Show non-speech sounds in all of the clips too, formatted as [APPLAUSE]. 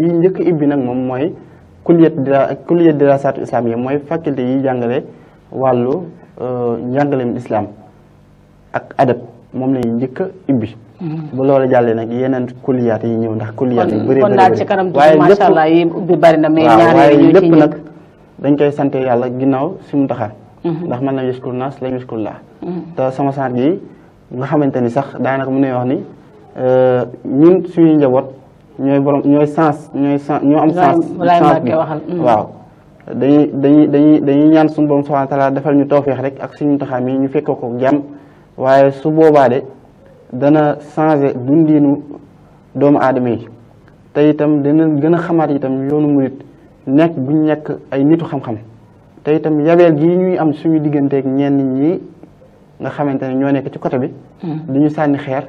lii njëkk ibbi nag moom mooy kulliyat dira kulliyat dirasaatu islamiyya mooy faculté yi jàngale wàllu euh, njàngaleem islam ak adab moom la ñuy njëkk a ibbi. Mm-hmm. bu loolu jàllee nag yeneen kulliyaat yi ñëw ndax. kulliyaat yi bëree bëri waaye ci kanam macha allah yi ubbi bari na mais ñaar yi lépp nag dañ koy sant yàlla ginnaaw si mu taxa mm-hmm. ndax mën na yuskur naas la yuskur laa mm-hmm. te sama sant gi nga xamante ni sax daanaka mu ne wax ni euh, ñun suñuy njaboot. ñooy borom ñooy sens ñooy sens ñoo am sens sens bi mm. waaw dañuy dañuy dañuy dañuy ñaan suñ borom subhanahu wa defal ñu tawfeex rek ak suñu taxaam yi ñu fekk ko jàmm waaye su boobaa de dana changé dundinu doomu aadama yi te itam dana gën a xamaat itam tam murit nekk bu ñu nekk ay nitu xam-xam te itam yabeel am suñu digganteeg ñenn ñi nga xamante ne ñoo nekk ci côté bi. Mm. du sànni xeer.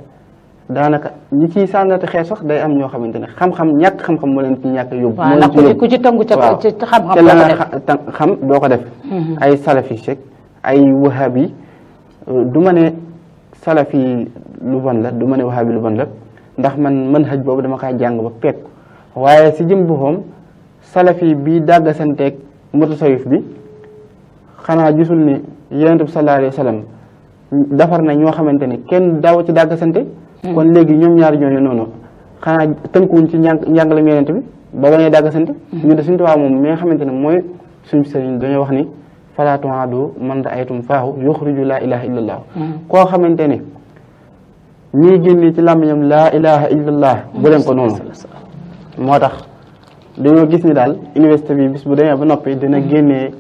daanaka ñi ciy sànnate xeex sax day am ñoo xamante ne xam-xam ñàkk xam-xam moo ci ñàkk yóbbu moo leen ci yóbbu ku ci tënku ca ci xam-xam la nga xam doo ko def mm-hmm. ay salafi sek ay wahabi euh, du ma ne salafi lu bon la du ma ne wahabi lu bon ndax man mën haj boobu dama kaa jàng ba pekk waaye si jëm boppam salafi bi dàggasanteeg mutasawif bi xanaa gisul ni yonent bi sallallahu alayhi wa sallam mm, dafar na ñoo xamante ne kenn daaw ci dàggasante kon léegi ñoom ñaari ñooñu noonu xanaa tënkuwuñ ci njàng njàngaleem yonent bi ba ba ñuy dàggasante mi nga xamante ne mooy suñu sëriñ dañoo wax ni falaatu adu man raaytum faahu yuxriju laa ilaha illallah mm-hmm. koo ko ne ñii génne ci làmmiñam laa ilaha illallah bu leen ko mm-hmm. noonu moo tax dañoo gis ni daal université bi bis bu demee ba noppi dina mm-hmm. génnee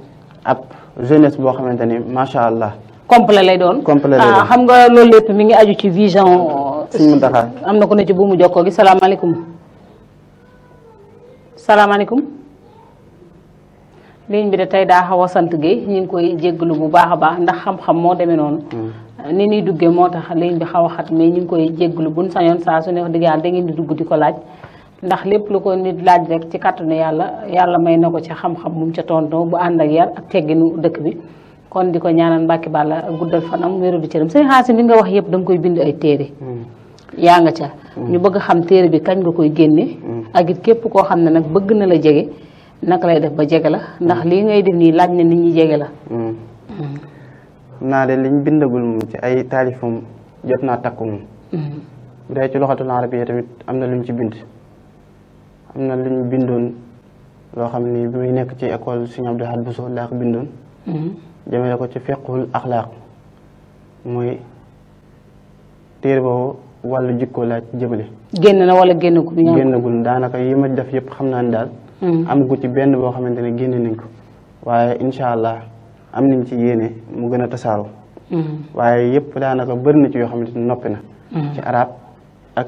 ab jeunesse boo xamante ni macha allah complet lay doon complet lay ah, doon sëñ Muntaxa am na ku bu ci buumu jokkoo gi salaamaaleykum salaamaaleykum ligne bi de tey daa xaw a sant gi ñu ngi koy jégalu bu baax a baax ndax xam-xam moo demee noonu. Mm. ni ñuy duggee moo tax ligne bi xaw a xat mais ñu ngi koy jégalu buñ sañoon saa su ne wax dëgg yàlla ngeen di dugg di ko laaj. ndax lépp lu ko nit laaj rek ci kàttanu yàlla yàlla may na ko ci xam-xam mu ca tontoo bu ànd ak yar ak tegginu dëkk bi kon di ko ñaanal mbàkki bàlla guddal fanam wéru di cëram sëñ Xaasim li nga wax yëpp da koy bind ay téere mm. yaa nga ca mm. ñu bëgg xam téere bi kañ nga koy génne mm. ak it képp koo xam ne nag bëgg na la jege naka lay def ba jege la ndax mm. lii ngay def nii laaj na ni ñi jege la xam naa de liñ bindagul moom ci ay taalifam jot naa takku moom bu dee ci loxatul arabiya tamit am na luñ ci bind am na luñ bindoon loo xam ni muy nekk ci école Sëriñ Abdou Lahad Bousso laa ko bindoon jëmale ko ci fiqhul axlaaq mooy téere boobu wàllu jikko laa jëmale. génn na wala génnagul ñaar génnagul daanaka yi ma def xam naa ne daal. Hmm. amagu ci benn boo xamante ne génn ko waaye incha allah am nañ ci yéene mu gën a tasaaroo. Hmm. waaye yëpp daanaka bëri na ci yoo xamante ne noppi na. Hmm. ci arab ak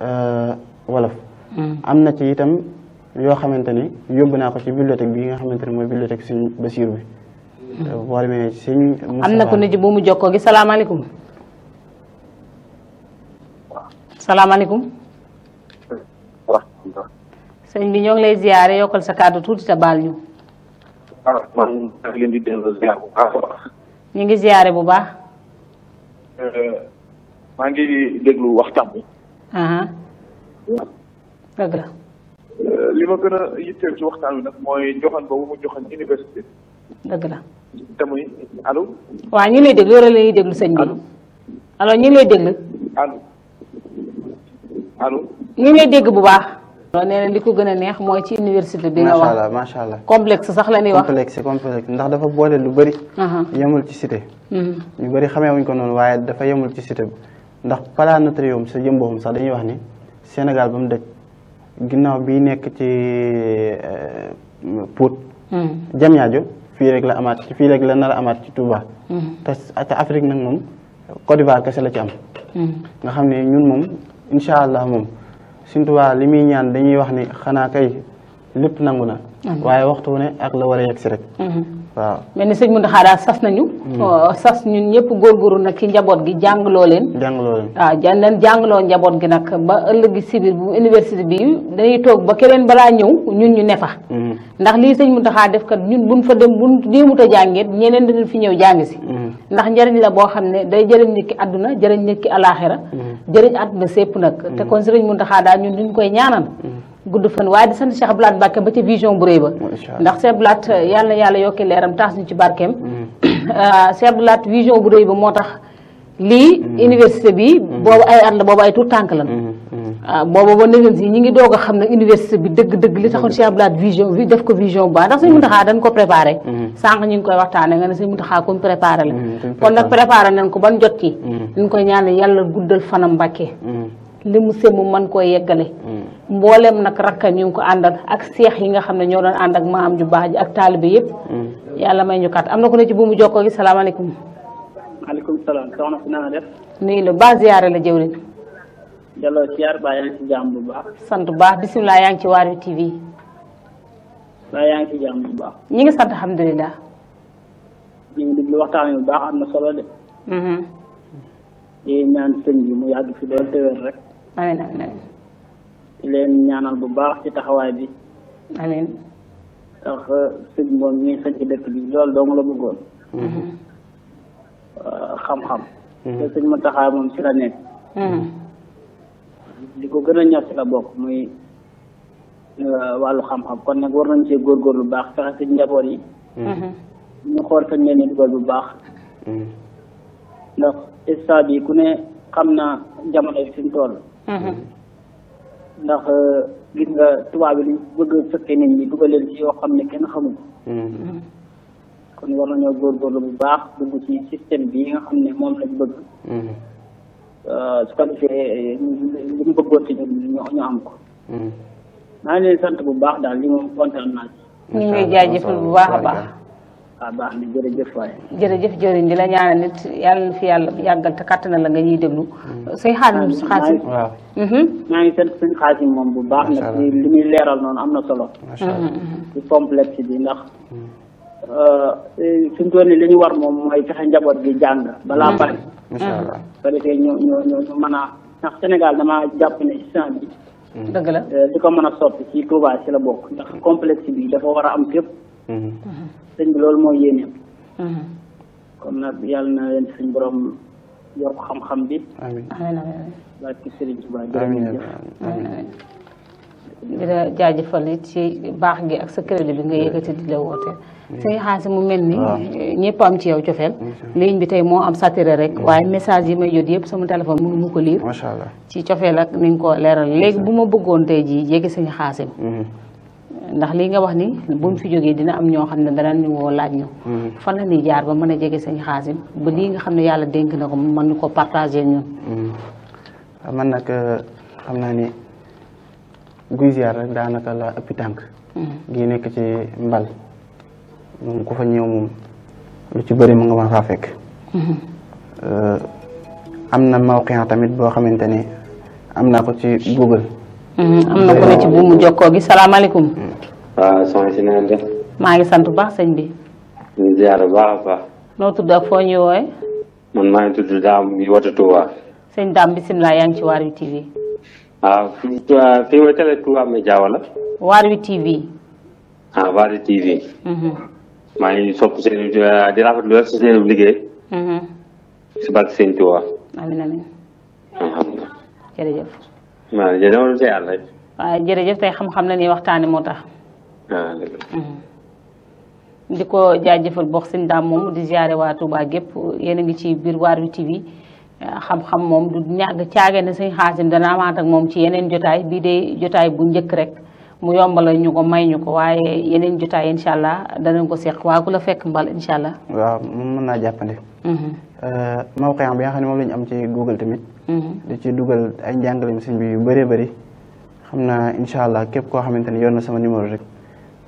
euh, na ci yoo xamante ni yóbbu naa ko ci bibliothèque bi nga xamante mooy bibliothèque Sëñ Basiir bi. boo demee Sëñ. am na ko nit yi gi salaamaaleykum. salaamaaleykum. sëñ bi ñoo ngi lay ziare yokkal sa kàddu tuuti sa baal ñu. Ah, ngi leen bu baax ñu ngi ziare bu baax. Eh, maa ngi déglu waxtaan bi. dëgg la. Eh, li ma gën a yitteel ci waxtaan wi nag mooy joxan boobu mu joxan université. dëgg la. te muy allo. waaw ñu lay déglu loolu la ñuy déglu sëñ bi. allo ñu lay déglu. allo. ñu ngi dégg bu baax. loolu nee na li ko gën a neex mooy ci université bi nga wax macha allah macha allah complexe sax la ñuy wax complexe complexe ndax dafa boole lu bëri. yemul ci cité. Mhm. ñu bëri xamee wuñ ko noonu waaye dafa yemul ci cité bi ndax Planetarium sa jëm boppam sax dañuy wax ni Sénégal ba mu daj ginnaaw bi nekk ci eh, Pout. Mhm. Diamniadio fii rek la amaat ci fii rek la nar a amaat ci Touba. Mhm. te te Afrique nag moom Côte d'Ivoire kese la ci am. nga xam ne ñun moom. incha allah moom Sëñ Tuubaa li muy ñaan dañuy wax ni xanaa kay lépp nangu na waaye waxtu ne ak la war a si rek waaw mel ni sëñ Mountakha daal sas nañu. Hmm. Oh, sas ñun ñëpp góorgóorlu na ki njaboot gi jàngloo leen. jàngloo leen waaw ah, leen jàngloo njaboot gi nag ba ëllëg si biir bu université bi dañuy toog ba keneen balaa ñëw ñun ñu ne fa. Hmm. ndax lii sëñ Mountakha def kat ñun buñ fa dem buñ déemut a jàngeet ñeneen fi ñëw jàng si. Hmm. ndax njëriñ la boo xam ne day jëriñ nit ki àdduna jëriñ nit ki alaaxira jëriñ àdduna sépp nag. te kon sëriñ Mountakha daal ñun duñ koy ñaanal. gudd fan waaye di sant Cheikh Abdoulaye Mbacke ba ca vision bu rëy ba ndax Cheikh Abdoulaye yàlla na yàlla yokki leeram taas ñu ci barkeem mm. [CLEARS THROAT] ah, Cheikh Abdoulaye vision bu rëy ba moo tax li mm. université bi mm. boobu ay at la boobu ay tout tànk lan waaw ah, boo ba nëgën si ñi ngi doog a xam ne université bi dëgg-dëgg li taxoon Cheikh Abdoulaye vision bi def ko vision ba baax ndax sëñ Mountakha dañ ko préparé sànq ñu ngi koy waxtaane nga ne sëñ Mountakha kon préparé la kon nag préparé nañ ko ban jot ci ñu koy ñaanal yàlla guddal fanam Mbacke li mu sëmm mën koy yeggale mboolem nag rakkam yi ngi ko àndal ak seex yi nga xam ne ñoo doon ànd ak maam ju baax ji ak taalibe yëpp. Mm. yàlla may ñu kat am na ko ne ci bu mu jokkoo gi salaamaaleykum. maaleykum salaam soxna si def. nuyu la ba la jëwriñ. delloo bu baax. sant bu baax bisimilah yaa ngi ci Waarwi TV. ba yaa ngi ci jàmm bu baax. ñi sant alhamdulilah. ñu ngi déglu waxtaan bu baax am na solo de. Mm-hmm. di ñaan sëñ bi mu yàgg fi loolu te wér rek. amiin amiin leen ñaanal bu baax ci taxawaay bi. amiin. ndax sëñ moom ñuy sañ ci dëkk bi loolu dong la bëggoon. Mm-hmm. Euh, xam-xam. Mm-hmm. te sëñ ma taxawaay moom ci la nekk. di mm-hmm. ko gën a ñax ci la bokk muy euh, wàllu xam-xam kon nag war nañ góor góorgóorlu bu baax fexe sëñ njaboot yi. ñu xool fañ leen di dugal bu baax. ndax stade yi ku ne xam na jamono bi fi mu ndax euh, gis nga tubaab yi liñ bëgg a sëkke nit ñi dugal yoo xam ne kenn xamu mm-hmm. kon war nañoo góorgóorlu bu baax dugg ci système bi nga xam ne moom lañ bëgg mm-hmm. euh, su ko defee li mu bëggoon ci ñun ñu am ko mm-hmm. maa ngi leen sant bu baax daal li moom kontaan naa ci ñu ngi jaajëfal bu baax a baax ah baax na jërëjëf waay. jërëjëf jëriñ di la ñaanal nit yàlla na fi yàlla yàggal te kàttan na la nga ñuy déglu. Mm. say xaasim xaasim waaw. Mm-hmm. maa ngi sant suñu xaasim moom bu baax. macha allah nag li muy leeral noonu am na solo. macha allah ci mm-hmm, mm-hmm. complexe bi ndax. suñ mm. euh, euh, toll nii li ñu war moom mooy fexe njaboot gi jàng. balaa bari. Mm. macha ko ñu ñu ñu mën a ndax Sénégal damaa jàpp ne sens dëgg la li euh, ko mën a soppi ci Touba ci la bokk ndax complexe bi dafa war a am fépp. sëñ bi loolu mooy yéeneem mm-hmm. kon nag yàlla na leen suñ borom jaajëfal it ci baax gi ak sa crédit bi nga yëkkati di la woote suñu xaasi mu mel ni ñëpp am ci yow cofeel ligne bi tey moo am saturé rek waaye message yi may jot yëpp sama téléphone mënu mu ko liir macha allah ci cofeel ak ni ko leeral léegi bu ma bëggoon tey jii yéegi suñu xaasim mm-hmm. ndax lii nga wax ni buñ fi jógee dina am ñoo xam ne danañ woo laaj ñu hmm. fan la ñuy jaar ba mën a jege sëñ Xaasim ba lii nga xam ne yàlla dénk na ko mën ñu ko partagé ñun hmm. ah, man nag euh, xam naa ni guy ziar rek hmm. nekk ci mbal moom ku ci bëri mu nga ma faa fekk euh, am na mawqiyan tamit boo xamante ni am naa ko ci Google am na ko ne ci bu mu jokkoo gi salaamaaleykum maa ngi sant bu baax sëñ bi. ñu ziar bu baax a baax. noo tudd ak foo ñuy wooye. maa ngi tudd Dame bi wote Touba. sëñ Dame bisimilah yaa ngi ci Waarwi TV. waaw fii fii mooy télé Touba Média wala. Waarwi TV. Ah, TV. Mhm. maa ngi sopp seen eh, di rafetlu rek si seen liggéey. Mhm. si barke sëñ Touba. amiin amiin. alhamdulilah. jërëjëf. waaw jërëjëf tey àll xam-xam la ñuy waxtaanee moo tax. Mhm. di ko jaajëfal box si daam moom di ziare waa Touba gépp yéen a ngi ci biir waar wi TV euh, xam-xam moom du ñàgg caaga ne sëñ xaasim dana amaat ak moom ci yeneen jotaay bii de jotaay bu njëkk rek mu yombala ñu ko may ñu ko waaye yeneen jotaay incha allah danañ ko seq waa ku la fekk mbal incha allah. waaw mën naa jàppandi. Mhm. Euh, mawqi bi nga xam ne moom la am ci Google tamit. Mhm. da ci dugal ay njàngaleem sëñ bi yu bëree bëri xam naa incha képp koo xamante ne yor na sama numéro rek.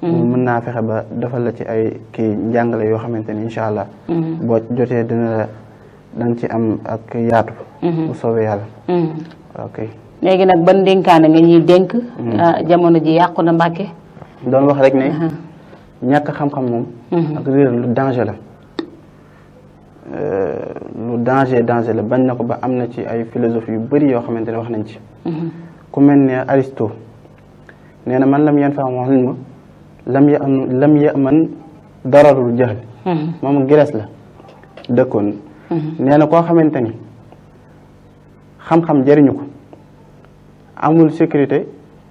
Mm-hmm. mën naa fexe ba defal la ci ay kii njàngale yoo xamante ni incha allah. Mm-hmm. boo jotee dina la dañ ci am ak yaatu. bu mm-hmm. soobee yàlla. ok léegi nag ban dénkaane nga ñuy dénk. Ah, jamono ji yàqu na mbàkke. doon wax rek ne. Uh-huh. ñàkk xam-xam moom. ak réer lu danger la. Euh, lu danger danger la bañ na ko ba am na ci ay philosophe yu bëri yoo xamante wax nañ ci. ku mel ne Aristote nee na man lam yanfa'hu 'ilmu lam ya am lam ya man dararul hmm. la dëkkoon hmm. nee na koo xamante ni xam-xam jëriñu ko amul sécurité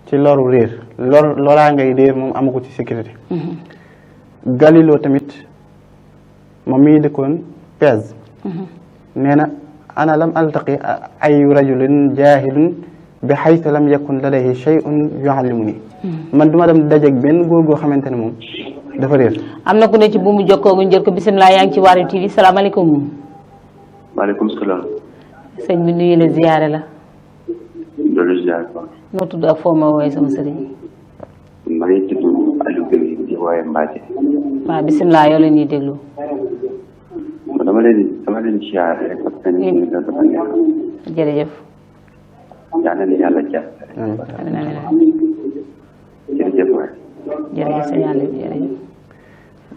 ci loru réer lor loraa ngay réer moom amu ci sécurité hmm. Galileo tamit moom mi dëkkoon Pise nee na ana lam altaqi ay rajulin jaahilun bi xaytu lam yakun ladayhi shay'un yuallimuni Hmm. man duma dem dajeeg benn góor xamante ne moom dafa réer. am na ku ne ci bu jokkoo ñu jël ko bisimilah yaa ngi ci Waarwi TV salaamaaleykum. maaleykum salaam. sëñ bi nuyu la ziyaare la. tudd ak foo ma sama sëriñ. maa ngi tudd Aliou Gueye di wooyee Mbacke. la ñuy déglu. jërëjëf waay. jërëjëf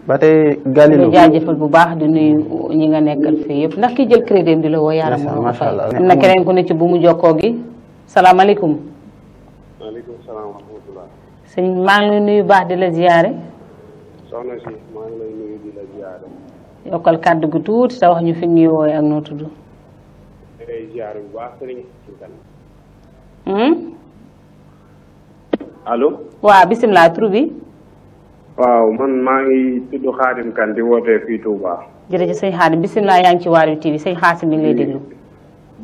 ba tey Galilou bu baax di nuyu ñi nga nekkal fii yëpp ndax ki jël crédit di la woo yàlla moo fay am na keneen ku ne ci bu mu jokkoo gi salaamaaleykum. maaleykum salaam wa lay nuyu baax di la ziyaare. yokkal kàddu gu tuuti te wax ñu fi ñuy wooye ak noo tudd. da allo. waaw bisimilah tur bi. waaw man maa ngi tudd Xaadim Kan di wootee fii Touba. jërëjëf sëñ Xaadim bisimilah yaa ngi ci Waarwi TV sëñ Xaasim mi lay déglu.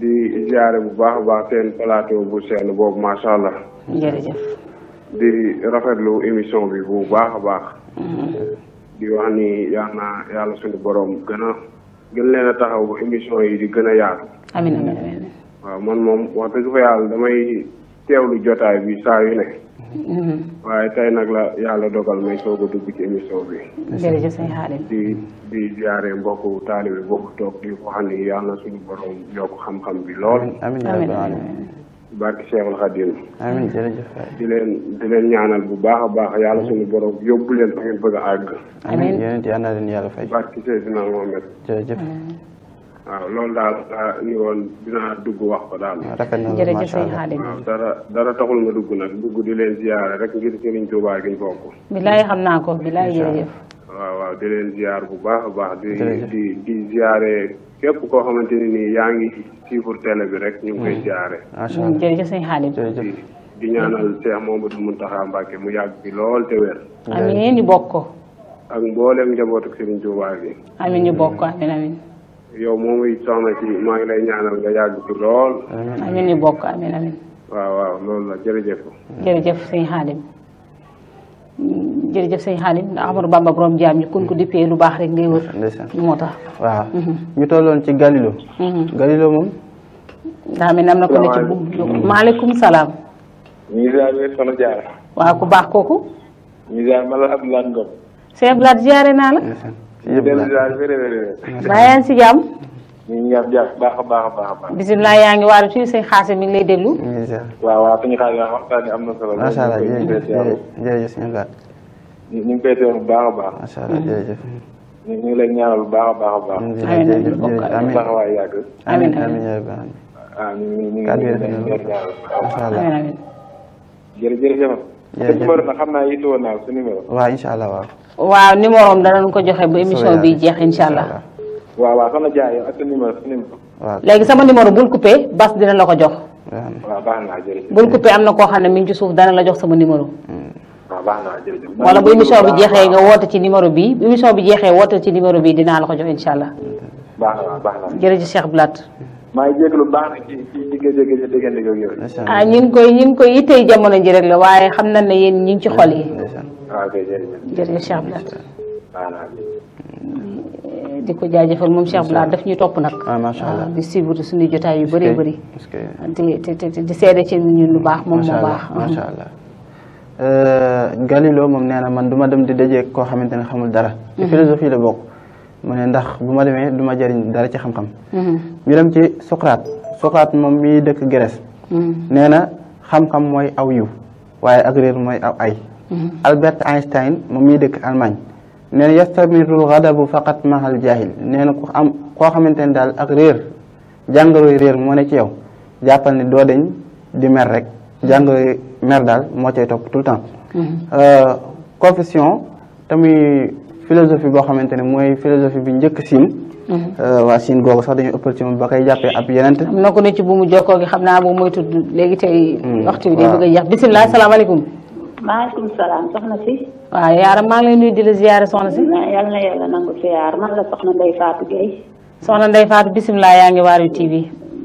di ziare bu baax a baax bu seen boobu macha allah. jërëjëf. di rafetlu émission bi bu baax a baax. Mm-hmm. di wax ni yaa na yàlla suñu borom gën a gën leen a taxaw émission yi di gën a yaatu. amiin amiin amiin. man moom wax dëgg fa yàlla damay teewlu jotaay bi saa yu ne. Mm-hmm. waaye tey nag la yàlla dogal may soog a dugg ci émission bi. jërëjëf sëñ Xaadim di di jaaree mbokku taalibe bokk toog di ko xam ne xam bi lool. amiin amiin barki Cheikhul di leen di ñaanal bu baax a baax yàlla suñu borom yóbbu leen fa bëgg a àgg. amiin yéen it yal na leen yàlla fay. barki Seydina Mohamed. jërëjëf. waaw loolu daal daa ni woon dinaa dugg wax ko daal. Ah, rafet na jërëjëf sëñ dara dara taxul nga dugg nag dugg di leen ziyaare rek ngir Sëriñ Tuubaa bokk. xam naa ko bilaay jërëjëf. di bu baax a baax. di di di koo xamante yaa ngi suivre télé bi rek. ñu koy hmm. ziare. macha allah jërëjëf sëñ Xaadim mu yàgg bi lool bokk ko. ak mboolem njabootu Sëriñ Tuubaa yow moomu it soxna maa ngi lay ñaanal nga yàgg ci lool. amiin ñu bokk amiin amiin. waaw waaw loolu la jërëjëf. jërëjëf sëñ Xaadim jërëjëf sëñ Xaadim ndax Amadou Bamba borom jaam ñi kun ko dippee lu baax rek ngay moo tax. waaw mhm. ci Galilo. Mhm. Galilo moom. daa mel ni na ko ne ci buum. maaleykum salaam. waaw ku baax kooku. ñu ngi daal jaare naa la. baa yaa ngi si jàmm. ñu ngi ñaar jàpp baax a baax a baax a baax. bisimilah yaa ngi waaru ci sëñ xaase mi ngi lay déglu. waaw waaw suñu xaase waxtaan yi am na solo. macha allah jërëjëf jërëjëf ñu ngi koy teew bu baax a baax. macha allah jërëjëf. ñu ngi lay ñaanal bu baax a baax a baax. amiin taxawaay yàgg. amiin amiin yaa ngi waaw ñu ngi ñu ngi lay ñaanal. macha allah amiin amiin. jërëjëf. jërëjëf sa numéro nag xam naa yittewoo naa ko sa numéro. waaw incha allah waaw. waaw numéro am danañ ko joxe ba émission bi jeex incha allah. waaw waaw léegi sama numéro bul coupé bas dina la ko jox. waaw bul coupé am na koo xam ne mi ngi ci suuf dana la jox sama numéro. waaw baax bu émission bi jeexee nga woote ci numéro bi bu bi jeexee woote ci numéro bi dinaa la ko jox incha allah. baax na baax na. jërëjëf Cheikh Blatt. maa ci ci diggante ah ñu ngi koy ñu ngi koy ittee jamono ji rek la waaye xam na ne yéen ñu ngi ci xol yi Ah, ok a jërëjëf Cheikh Bilate. Mm, di ko jaajëfal moom Cheikh Bilate daf ñu topp nag. Ah, macha allah ah, di suivre lu baax moom moo baax. macha mm. allah euh, Galileo moom man du ma dem di dajeeg koo xamante ne xamul dara. ci mm-hmm. philosophie la bokk. mu ne ndax bu ma demee du ma jëriñ dara ci xam-xam. Mm-hmm. ñu dem ci Socrate Socrate moom mii dëkk Grèce. Mm-hmm. nee na xam-xam mooy aw yiw waaye ak mooy aw ay. Mm-hmm. Albert Einstein moom miy dëkk Allemagne nee na yastamirul ghadabu faqat mahal jahil nee na koo xamante ne daal ak réer jàngoroy réer moo ne ci yow jàppal ne doo deñ di mer rek jàngoroy mer daal moo cay topp tout le temps mm-hmm. euh, confession tamuy philosophie boo xamante mooy philosophie bi njëkk siin mm-hmm. euh, waa siin googu sax dañuy ëppal ci ba koy jàppee ab yeneen. am na ko ne bu mu jokkoo gi xam naa boobu mooy tudd léegi tey. Mm. waxtu bi day bëgg a jeex bisimilah maaleykum salaam soxna si. waaw yaaram maa ngi lay nuyu di la ziyaare soxna si. yal na yàlla nangu ziyaar man la soxna Ndeye Fatou Gueye. soxna Ndeye Fatou bisimilah yaa ngi Waarwi TV.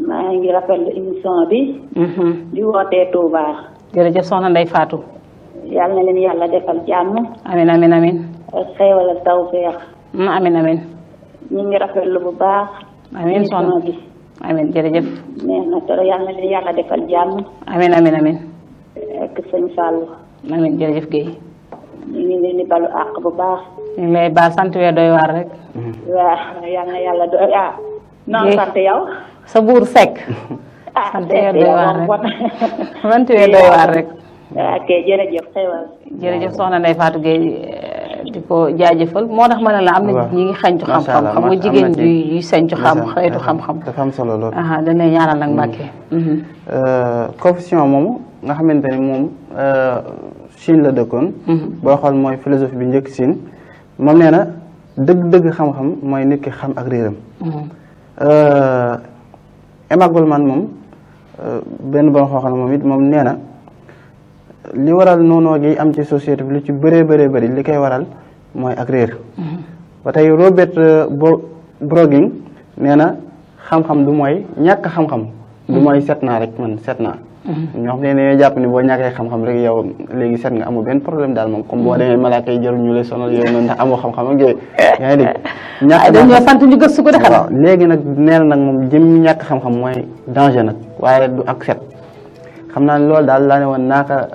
maa ngi rafetlu émission bi. Mhm. di wootee Touba. jërëjëf soxna Ndeye faatu yal na leen yàlla defal jàmm. amin amin mm, bu baax. amin soxna bi amin defal jàmm. amin amin amin ak sëñ Fallou. maa ngi leen jërëjëf Guèye. ñu ngi leen di balu bu baax. ñu ngi lay baal sant wee doy waar rek. yàlla doy ah. non sa buur sekk. [LAUGHS] ah sant wee [LAUGHS] doy waar rek sant wee doy waar rek. ok jërëjëf soxna Ndeye Fatou Guèye. di ko jaajëfal moo tax ma ne la am na ñi ngi xañtu xam-xam xam nga jigéen yu yu xam xeetu xam-xam dafa solo loolu a dañ lay ñaanal nag mm. Mbàkke mm-hmm. euh, confusion moom nga xamante ni moom euh, Chine la dëkkoon mm-hmm. boo xool mooy philosophie bi njëkk Chine moom nee na dëgg-dëgg xam-xam mooy nit ki xam ak réeram mm-hmm. euh, Emma Goldman moom benn ba nga moom it moom nee li waral noonoo am ci société bi lu ci bëree bëree bëri li koy waral mooy ak réer mm-hmm. ba tey Robert euh, Browning nee na xam-xam du mooy ñàkk xam-xam du mm-hmm. mooy set na rek man set naa mm-hmm. ñoo xam ne dañoo jàpp ni boo ñàkkee xam-xam rek yow léegi set nga amul benn problème daal amoo xam-xam ak yooyu [LAUGHS] ah, ñàkk xam na nag moom jëm ñàkk xam mooy danger nag waaye du ak set xam naa ne daal laa ne woon naa ko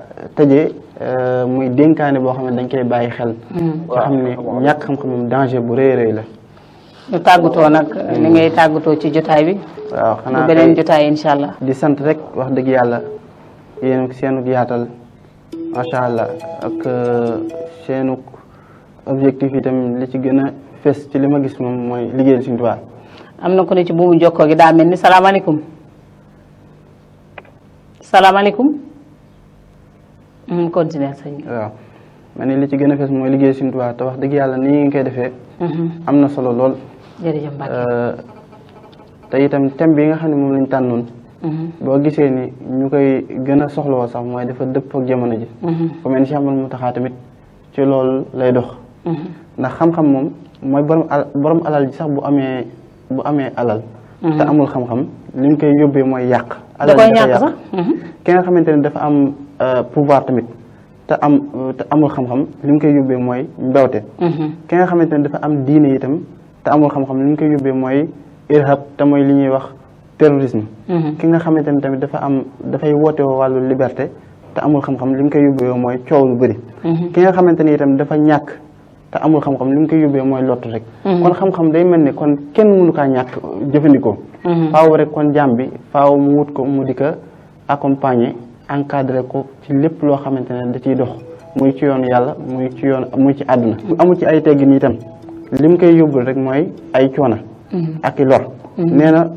Euh, muy dénkaane boo xam ne dañ koy bàyyi xel. Hmm. nga xam ne ñàkk xam-xam danger bu rëy rëy la. ñu tàggatoo nag hmm. ni ngay tàggatoo ci jotaay bi. waaw xanaa beneen jotaay incha allah. di sant rek wax dëgg yàlla yéen seenuk yaatal allah ak euh, seenuk objectif itam li ci gën a fes ci li ma gis moom mooy liggéeyal suñu tubaab. am na ko ne ci buumu jokkoo gi daa mel ni salaamaaleykum. salaamaaleykum. continuer sëñ bi waaw ma ne li ci gën a fees mooy liggéey Sëñ Tuubaa te wax dëgg yàlla nii nga koy defee mhm. am na solo lool jërëjëf Mbacke euh, te itam thème bi nga xam ne moom lañ tànnoon mhm. boo gisee ni ñu koy gën a soxlawoo sax mooy dafa dëpp ak jamono ji mhm. ku mel ni Cheikh Amadou Mountakha tamit ci loolu lay dox ndax xam-xam moom mooy borom borom alal ji sax bu amee bu amee alal te amul xam-xam li ñu koy yóbbee mooy yàq alal ji dafa yàq ki nga xamante ne dafa Euh, pouvoir tamit te am euh, te amul xam-xam li mu koy yóbbee mooy mbewte mm-hmm. ki nga xamante ne dafa am diine itam te amul xam-xam li mu koy yóbbee mooy irhab te mooy li ñuy wax terrorisme mm-hmm. ki nga xamante tamit dafa am dafay woote wàllu liberté te amul xam-xam li mu koy yóbbee mooy coow lu bëri mm-hmm. ki nga xamante ne itam dafa ñàkk te amul xam-xam li mu koy yóbbee mooy lottu rek kon xam-xam day mel ni kon kenn mënu kaa ñàkk jëfandikoo faaw rek kon jàmm bi faaw mu wut ko mu di ko encadré ko ci lépp loo xamante ne da ciy dox muy ci yoonu yàlla muy ci yoon muy ci àdduna mm-hmm. ci ay teggin itam li mu koy yóbbul rek mooy ay coona mm-hmm. ak i lor mm-hmm. nee na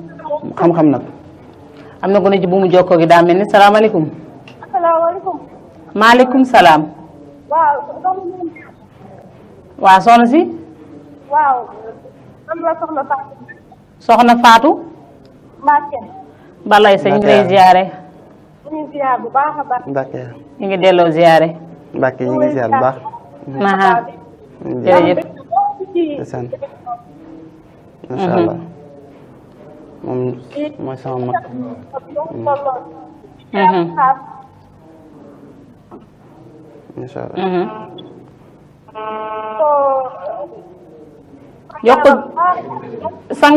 xam-xam nag am na gone a bu mu jokkoo gi daa mel ni salaamaaleykum salaamaaleykum maaleykum salaam waaw soxna si soxna Fatou balay sëñ ñu ngi ziar bu baax a baax. Mbacke ñu ngi delloo ziare. Mbacke ñu ngi ziar bu mhm. mhm. Mhm.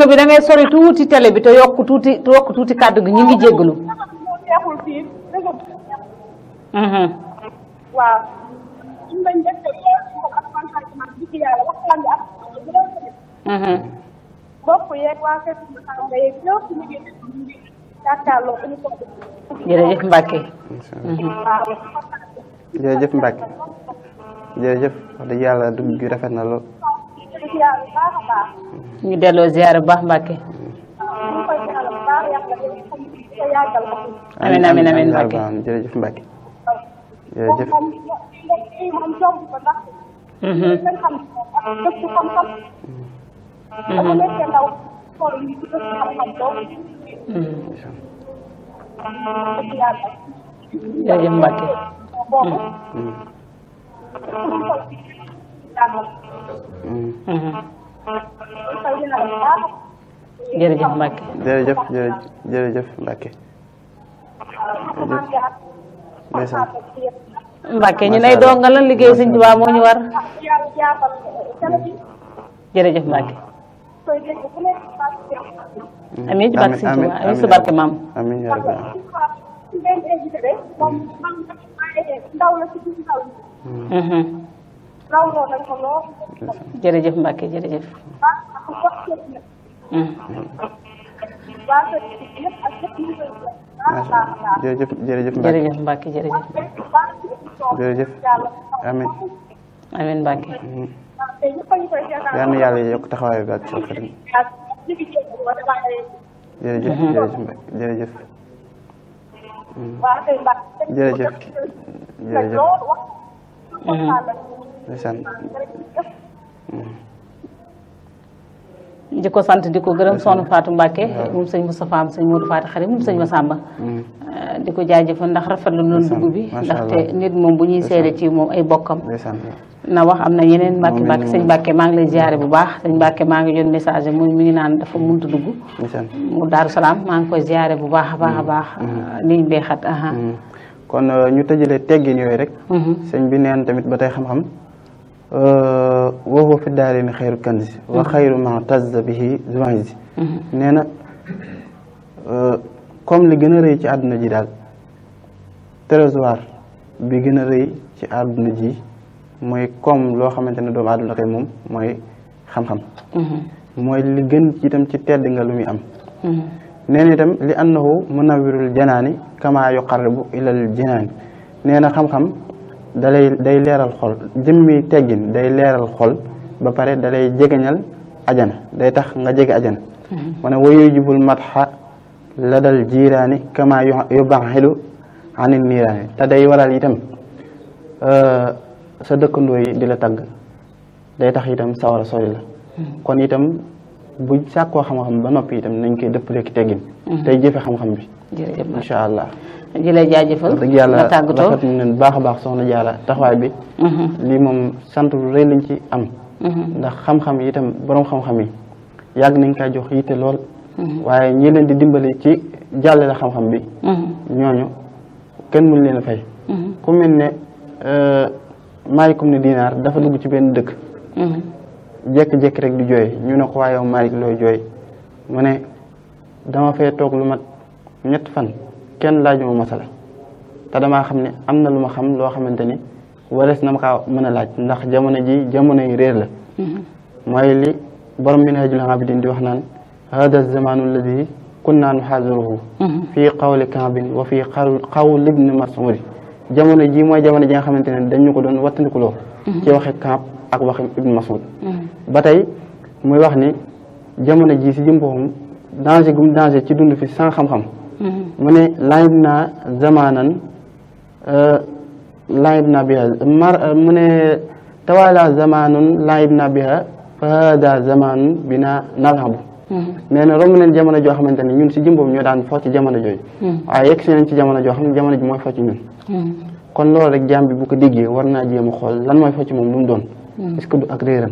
bi da ngay sori tuuti télé bi te yokk tuuti yokk tuuti kàddu gi ñu ngi jéggalu. Mm-hmm. waaw suñu lañ def te lool moom ak man dëgg yàlla waxtaan bi ak mbokk yeeg waa kër Samba yeeg ñëpp ñu mm-hmm. gi rafet na lool. ñu delloo ziar bu baax Mbacke. amiin amiin amiin jërëjëf moom moom jomb ko ndax. ngeen xam ak gëstu xam-xam. dafa nekkee ndaw tool yi ci gëstu xam-xam boobu. jaajëf Mbacke. boobu. jërëjëf Mbacke. jërëjëf jërëjëf jërëjëf Mbacke. ndeysaan Mbàkke ñu nay dongalan liggéey sëñ Tuubaa moo ñu war jërëjëf Mbàkke amiin ci barke sëñ Tuubaa amiin ci barke maam amiin yaa rabbi mhm. jërëjëf Mbàkke mhm. macha allah jërëjëf jërëjëf Mbacke jërëjëf Mbacke jërëjëf. jërëjëf amiin. amiin Mbacke. yal na yàlla yokk taxawaay bi ak soxna yi. jërëjëf mhm. jërëjëf Mbacke jërëjëf. Mhm. jërëjëf jërëjëf. Mhm. ndeysaan. di ko sant di ko gërëm soxna Fatou Mbacke moom sëñ Moustapha am sëñ Modou Fatou Xarim moom sëñ Massamba mm. euh, di ko jaajëfal ndax rafetlu noonu dugg bi ndaxte nit moom bu ñuy seede ci moom ay bokkam na wax am na yeneen Mbacke Mbacke sëñ Mbacke maa ngi lay ziare bu baax sëñ Mbacke maa ngi jot message mu mi ngi naan dafa mënut a mu Daaru Salaam maa ngi koy ziare bu baax a baax a mm. baax liñ mm. euh, bee xat aha kon euh, ñu tëjale teggin yooyu rek mm-hmm. sëñ bi tamit ba tey xam-xam wa huwa fi daarayni xayru kanzi wa xayru ma tazza bihi zuwaanzi nee na comme li gën a rëy ci àdduna ji bi gën a mooy comme loo xamante ne doomu aadama koy moom mooy xam-xam mooy li gën itam ci tedd nga lu muy am nee na itam li annahu munawwirul janaani kama yuqarribu ilal janaani nee xam-xam dalay day leeral xol jëmmi teggin day leeral xol ba pare dalay jegeñal ajana day tax nga jege ajana mm-hmm. mu ne wayu jibul matxa la dal jiiraani kama yubaxilu anil niiraani te day waral itam euh, sa dëkkandooy di la tagg day tax itam sawar a sori la mm-hmm. kon itam bu sàkkoo xam-xam ba noppi itam nañ koy dëpp lekk teggin mm-hmm. tey jëfe xam-xam bi incha allah di lay jaajëfal nga tàggatoo rafet nañ baax a baax soxna Diarra taxawaay bi. Mm-hmm. lii moom sant lu rëy lañ ci am. Mm-hmm. ndax xam-xam yi itam borom xam-xam yi yàgg nañ kaa jox yitte lool. Mm-hmm. waaye ñi leen di dimbali ci jàllale xam-xam bi. ñooñu kenn mënu leen a fay. ku mel ne euh, Malikum ne dinaar dafa dugg ci benn dëkk. jékki-jékki rek di jooy ñu ne ko waaye yow Malik looy jooy mu ne dama fee toog lu mat ñett fan. kenn laaj ma masala te damaa xam ne am na lu ma xam loo xamante ni warees na ma kaa mën a laaj ndax jamono ji jamono la mm-hmm. mooy li borom Minhajul Abidin di wax naan hada zamanu alladi kunna nuxaadiruhu mm-hmm. fii qawli Kaabin wa fii qawli Ibni Mas'ud jamono ji mooy jamono ji nga xamante ne dañu ko doon wattandikuloo mm-hmm. ci waxe Kaab ak waxe Ibni Mas'ud ba tey muy wax ni jamono ji si jëm boppam danger gum danger ci dund fi sans xam-xam mu ne laayib naa zamanan euh, laayib naa biha mar mu ne tawalaa zamanun laayib naa bi fa hada zamanun bi na nalhabu mm-hmm. nee na romb nañ jamono joo xamante ne ñun si jëmboom ñoo daan fo ci jamono jooy mm-hmm. waaye yegg si nañ ci jamono joo xam ne jamono ji mooy fo ñun mm-hmm. kon loolu rek jaam bi bu ko déggee war naa jéem a xool lan mooy fo ci moom lu doon est-ce du ak réeram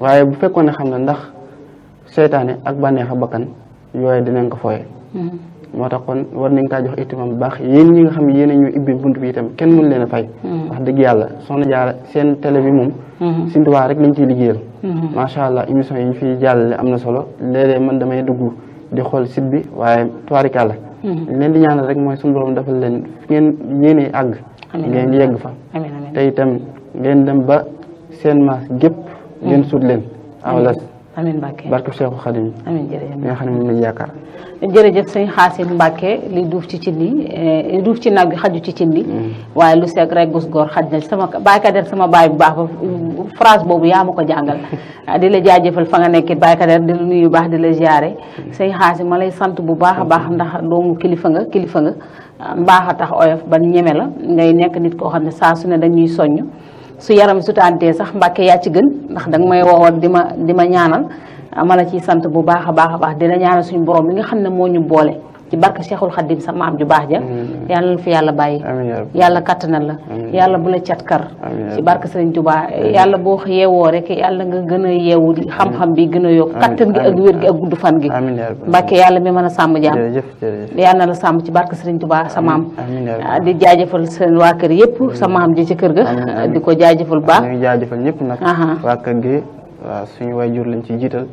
waaye bu fekkoon ne xam na ndax seytaane ak bànneex a bakkan yooyu dinañ ko fooye moo tax kon war nañ kaa jox itimam bu baax yéen ñi nga xam ne yéen a ñu ibbi bunt bi itam kenn mënu leen a fay hmm. wax dëgg yàlla soxna jaara seen télé bi moom hmm. Sëñ Tuubaa rek lañ ciy liggéeyal hmm. allah émission yi ñu fiy jàllale am na solo léeg-léeg man damay dugg di xool site bi waaye tubaarikàlla leen di ñaanal rek mooy suñu borom dafa leen fi ngeen yéene àgg ngeen yegg fa te itam ngeen dem ba seen maas gépp ngeen sut leen aw las amiin Mbacke barke Cheikhou Khadim amiin jërëjëf nga xam ne moom jërëjëf sëñ Xaasim Mbàkke li duuf ci cin li eh, duuf ci nag bi xaju ci cin li mm. waaye lu seeg rek gus góor xaj na sama Baye sama baay bu baax ba phrase boobu yaa ma ko jàngal [LAUGHS] ah, di la jaajëfal fa nga nekkit Baye Kader di la nuyu baax di la jaare sëñ Xaasim ma lay sant bu baax a baax ndax doomu kilifa nga kilifa nga mbaax a tax oyof ban ñeme la ngay nekk nit koo xam ne saa su ne dañuy soñ su yaram su sax Mbàkke yaa ci gën ndax danga may woowoon di ma di ma ñaanal ma la ciy sant bu baax a baax a baax dina ñaanal suñu borom mi nga xam ne moo ñu boole ci barke Cheikhul Khadim sa maam ju baax ja yàlla na fi yàlla bàyyi yàlla kattanal la yàlla bu la catkar ci barke Sëriñ Tuubaa yàlla boo yeewoo rek yàlla nga gën a yeewu xam-xam bi gën a yokk kattan gi ak gi ak gudd fan yàlla mi mën a sàmm jaam yàlla na la sàmm ci barke Sëriñ Tuubaa sa maam ah, di jaajëfal seen waa kër yëpp sa maam ci kër ga ah, di ko jaajëfal baax jaajëfal ñëpp nag waa kër gi waaw suñu waajur lañ ci jiital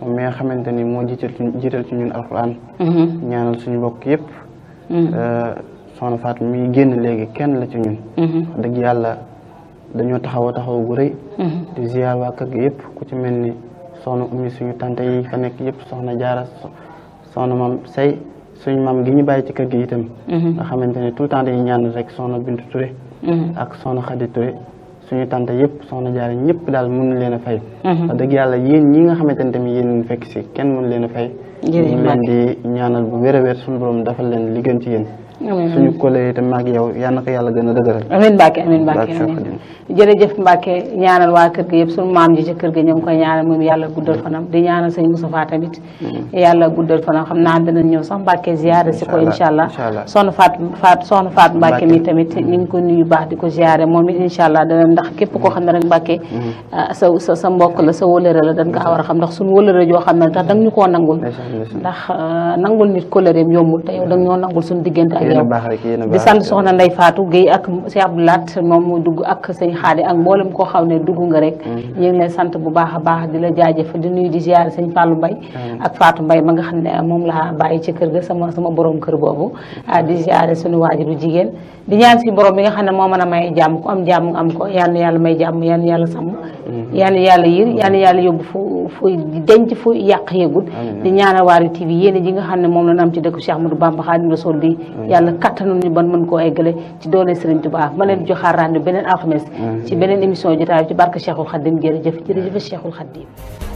moom mi nga xamante ni moo jiital ci jiital ci ñun alquran. Mm-hmm. ñaanal suñu mbokk yëpp. Mm-hmm. Euh, soxna Fatou mi génn léegi kenn la ci ñun. Mm-hmm. wax yàlla dañoo taxaw taxaw gu rëy. di ziar waa kër gi ku ci mel ni soxna ummi suñu tante yi fa nekk yëpp soxna jaara soxna mam say suñu mam gi ñu ci kër gi itam. nga xamante ne tout le temps dañuy ñaanal rek soxna Bintu Touré. ak soxna Khady Touré. suñu tante yëpp soxna jaare ñëpp daal mënu leen a fay mhm. wax dëgg yàlla yéen ñi nga xamante ne tamit yéen fekk si kenn mënu leen a fay ñu leen di ñaanal bu wér a wér suñu borom dafa leen li gën ci yéen suñu collègue itam ak yow yal na ko yàlla gën a dëgëral. amiin Mbacke amiin Mbacke amiin jërëjëf Mbacke ñaanal waa kër ga yëpp suñu maam ji ci kër gi ñoo ngi koy ñaanal moom yàlla guddal fanam di ñaanal sëñ Moustapha tamit. Mm-hmm. yàlla guddal fanam xam naa dinañ ñëw sax Mbacke ziare si ko incha allah Faat Faat soxna Faat Mbacke mi tamit ñu ngi ko nuyu baax di ko ziare moom it incha allah dana ndax képp koo xam ne rek mm-hmm. ah, sa sa sa mbokk la sa wëlëre la a xam ndax suñu wëlëre joo xam ne ndax danga ñu koo nangul ndax ah, nangul nit kollëreem yombul te yow danga ñoo nangul suñu diggante yow di sant soxna Ndeye Fatou Guèye ak Cheikh Abdou Lat moom mu dugg ak sëñ Xaadi ak mboolem koo xam ne dugg nga rek mm-hmm. ñu ngi lay sant bu baax a baax di la jaajëf di nuyu di ziare sëñ Fallou Mbaye mm-hmm. ak Fatou Mbaye ma nga xam ne moom laa bàyyi ci kër ga sama sama borom kër boobu mm-hmm. ah, di ziare suñu waajuru jigéen di ñaan si borom bi nga xam ne moo mën a may jàmm ku am jàmm nga am ko yal na yàlla may jàmm yal na yàlla sàmm yal na yàlla yir yal na yàlla yóbbu fu fu denc fu yàq yëgul di ñaanal Waarwi TV yéen ji nga xam ne moom la am ci dëkk Cheikh Ahmadou Bamba Xaadimu Rasuul bi yàlla kattanul ñu ban mën koo eggale ci doole Serigne Touba ma leen joxaar rendez-vous beneen alxames mm-hmm. ci beneen émission jotaay ci barke Cheikhul Khadim jërëjëf jërëjëf Cheikhul Khadim